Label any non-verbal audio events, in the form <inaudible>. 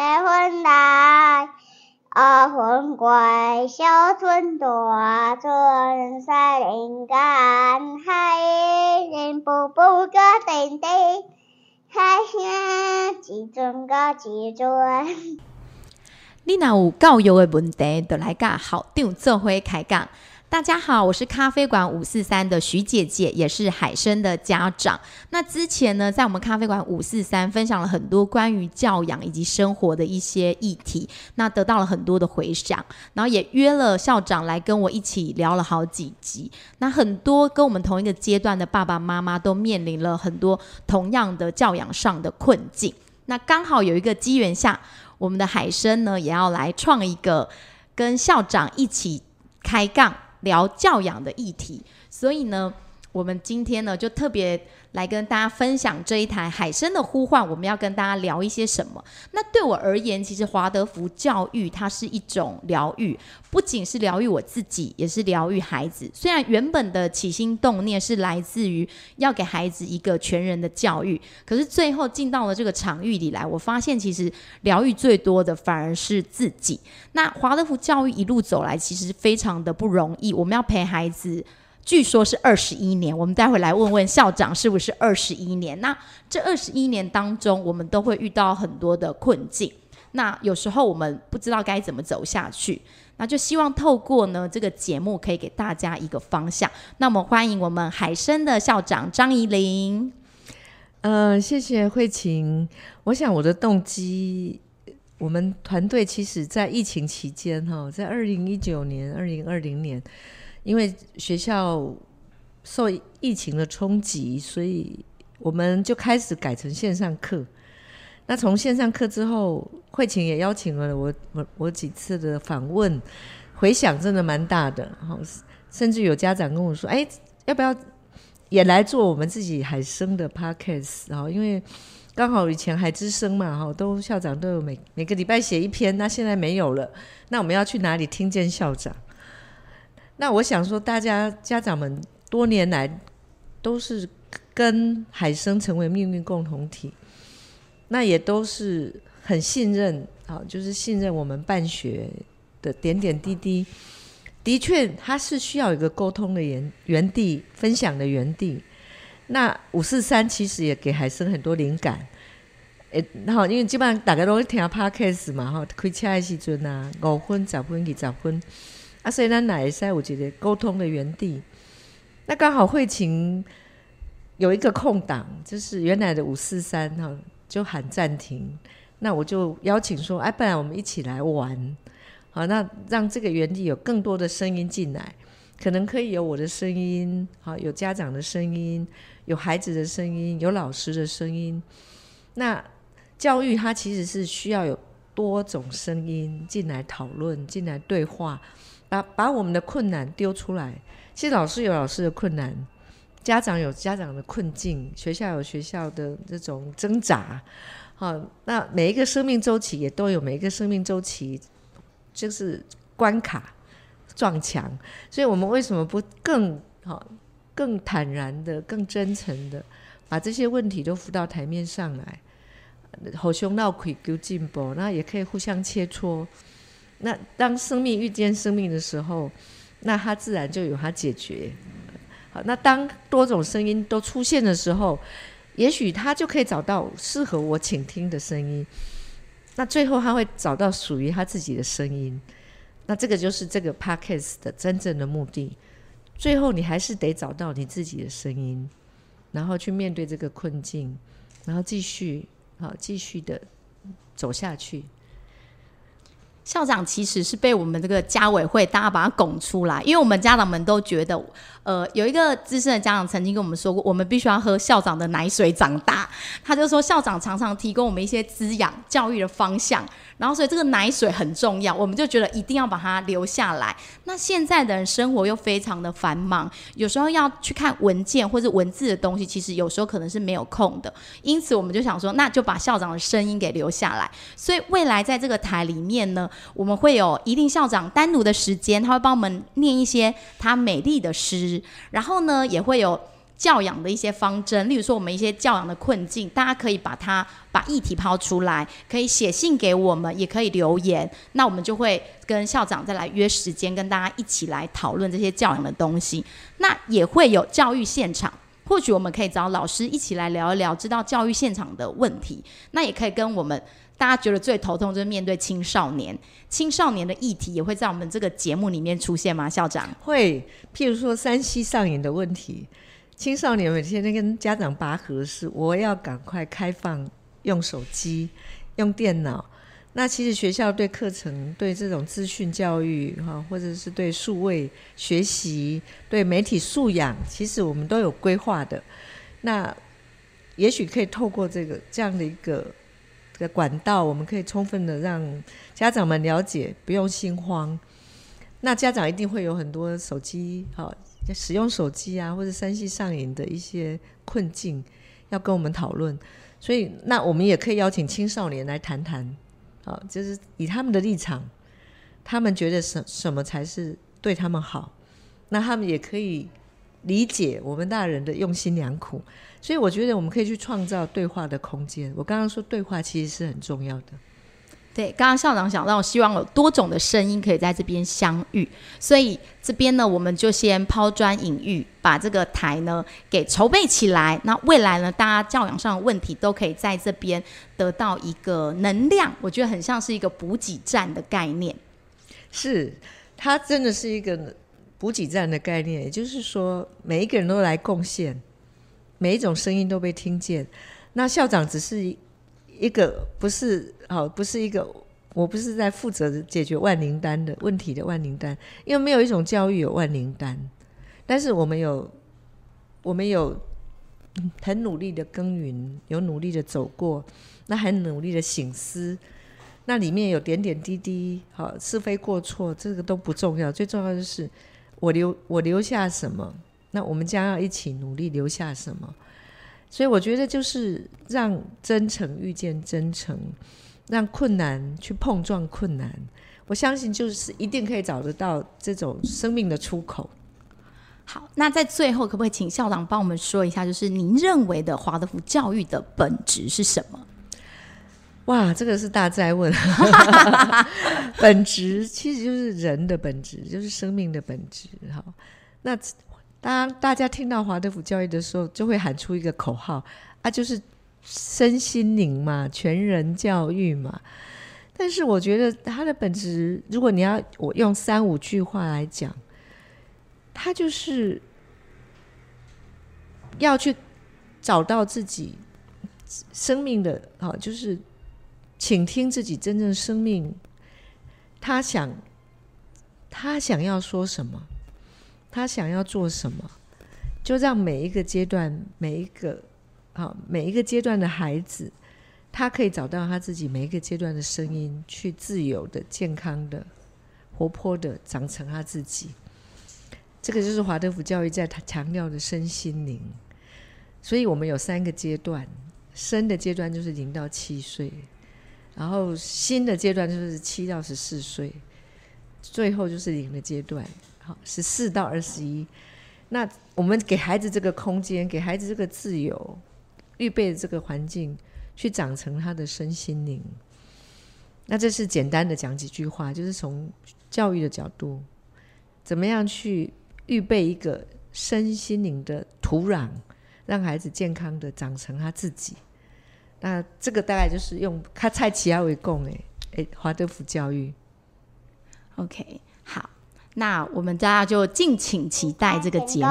結婚禮，阿婚歌，小村大村山林間，嘿，人步步加進進，嘿，自在加自在。你若有教育的問題，就來甲校長做伙開講。大家好，我是咖啡館五四三的徐姐姐，也是海聲的家長。那之前呢，在我們咖啡館五四三分享了很多關於教養以及生活的一些議題，那得到了很多的回響，然後也約了校長來跟我一起聊了好幾集。那很多跟我們同一個階段的爸爸媽媽都面臨了很多同樣的教養上的困境。那剛好有一個機緣下，我們的海聲呢也要來創一個跟校長一起開講聊教養的議題，所以呢。我們今天呢，就特別來跟大家分享這一台《海聲的呼喚》。我們要跟大家聊一些什麼？那對我而言，其實華德福教育它是一種療癒，不僅是療癒我自己，也是療癒孩子。雖然原本的起心動念是來自於要給孩子一個全人的教育，可是最後進到了這個場域裡來，我發現其實療癒最多的反而是自己。那華德福教育一路走來，其實非常的不容易，我們要陪孩子。據說，是二十一年。我們待會來問問校長，是不是二十一年？那這二十一年當中，我們都會遇到很多的困境。那有時候我們不知道該怎麼走下去，那就希望透過呢這個節目，可以給大家一個方向。那麼，歡迎我們海聲的校長張宜玲。呃，謝謝慧琴。我想我的動機，我們團隊其實，在疫情期間哈，在二零一九年、二零二零年。因為學校受疫情的衝擊，所以我們就開始改成線上課。那從線上課之後，慧琴也邀請了我，我我幾次的訪問，回響真的蠻大的。然後甚至有家長跟我說：“哎，要不要也來做我們自己海聲的 podcast？” 因為剛好以前海之聲嘛，哈，都校長都有每每個禮拜寫一篇。那現在沒有了，那我們要去哪裡聽見校長？那我想說，大家家長們多年來都是跟海聲成為命運共同體，那也都是很信任啊，就是信任我們辦學的點點滴滴。的確，它是需要一個溝通的園、園地，分享的園地。那五四三其實也給海聲很多靈感。然後因為基本上大家都是聽 Podcast 嘛，哈，開車的時陣啊，五分、十分、給十分。那所以那塞，我覺得溝通的原地，那剛好慧琴有一個空檔，就是原來的五四三哈，就喊暫停，那我就邀請說，哎，不然我們一起來玩，好，那讓這個原地有更多的聲音進來，可能可以有我的聲音，好，有家長的聲音，有孩子的聲音，有老師的聲音。那教育它其實是需要有多種聲音進來討論，進來對話。把把我們的困難丟出來，其實老師有老師的困難，家長有家長的困境，學校有學校的這種掙扎，好、哦，那每一個生命週期也都有每一個生命週期，就是關卡撞牆，所以我們為什麼不更好、哦、更坦然的、更真誠的，把這些問題都浮到檯面上來，互相努力求進步，那也可以互相切磋。那當生命遇見生命的時候，那他自然就有他解決。好，那當多種聲音都出現的時候，也許他就可以找到適合我傾聽的聲音。那最後他會找到屬於他自己的聲音。那這個就是這個 podcast 的真正的目的。最後你還是得找到你自己的聲音，然後去面對這個困境，然後繼續啊，繼續的走下去。校長其實是被我們這個家委會大家把他拱出來，因為我們家長們都覺得，呃，有一個資深的家長曾經跟我們說過，我們必須要喝校長的奶水長大。他就說，校長常常提供我們一些滋養教育的方向，然後所以這個奶水很重要，我們就覺得一定要把它留下來。那現在的人生活又非常的繁忙，有時候要去看文件或是文字的東西，其實有時候可能是沒有空的。因此，我們就想說，那就把校長的聲音給留下來。所以未來在這個台裡面呢，我們會有一定校長單獨的時間，他會幫我們念一些他美麗的詩，然後呢也會有，教養的一些方針，例如說我們一些教養的困境，大家可以把它把議題拋出來，可以寫信給我們，也可以留言。那我們就會跟校長再來約時間，跟大家一起來討論這些教養的東西。那也會有教育現場，或許我們可以找老師一起來聊一聊，知道教育現場的問題。那也可以跟我們大家覺得最頭痛就是面對青少年，青少年的議題也會在我們這個節目裡面出現嗎？校長會，譬如說山西上演的問題。青少年每天在跟家長拔河，是我要趕快開放用手機、用電腦。那其實學校對課程，對這種資訊教育，哈，或者是對數位學習、對媒體素養，其實我們都有規劃的。那也許可以透過這個這樣的一個這個管道，我們可以充分的讓家長們了解，不用心慌。那家長一定會有很多手機，哈。使用手機啊，或者三 C 上癮的一些困境，要跟我們討論。所以，那我們也可以邀請青少年來談談，啊、哦，就是以他們的立場，他們覺得什什麼才是對他們好，那他們也可以理解我們大人的用心良苦。所以，我覺得我們可以去創造對話的空間。我剛剛說對話其實是很重要的。對，剛剛校長講到，希望有多種的聲音可以在這邊相遇，所以這邊呢，我們就先拋磚引玉，把這個台呢給籌備起來。那未來呢，大家教養上的問題都可以在這邊得到一個能量，我覺得很像是一個補給站的概念。是，它真的是一個補給站的概念，也就是說，每一個人都來貢獻，每一種聲音都被聽見。那校長只是一個不是。好，不是一個，我不是在負責解決萬靈丹的問題的萬靈丹，因為沒有一種教育有萬靈丹，但是我們有，我們有很努力的耕耘，有努力的走過，那很努力的省思，那裡面有點點滴滴，好，是非過錯，這個都不重要，最重要就是我留我留下什麼，那我們將要一起努力留下什麼，所以我覺得就是讓真誠遇見真誠。讓困難去碰撞困難，我相信就是一定可以找得到這種生命的出口。嗯、好，那在最後，可不可以請校長幫我們說一下，就是您認為的華德福教育的本質是什麼？哇，這個是大哉問。 <laughs> <laughs> <laughs> 本質其實就是人的本質，就是生命的本質。好，那當大，大家聽到華德福教育的時候，就會喊出一個口號啊，就是。身心靈嘛，全人教育嘛，但是我覺得他的本質，如果你要我用三五句話來講，他就是要去找到自己生命的，好，就是傾聽自己真正生命，他想他想要說什麼，他想要做什麼，就讓每一個階段每一個。好，每一個階段的孩子，他可以找到他自己每一個階段的聲音，去自由的、健康的、活潑的長成他自己。這個就是華德福教育在他強調的身心靈。所以我們有三個階段：身的階段就是零到七歲，然後心的階段就是七到十四歲，最後就是靈的階段，好，十四到二十一。那我們給孩子這個空間，給孩子這個自由。預備的這個環境，去長成他的身心靈。那這是簡單的講幾句話，就是從教育的角度，怎麼樣去預備一個身心靈的土壤，讓孩子健康的長成他自己。那這個大概就是用他蔡其亞為供誒誒華德福教育。OK，好。那我們大家就敬請期待這個節目。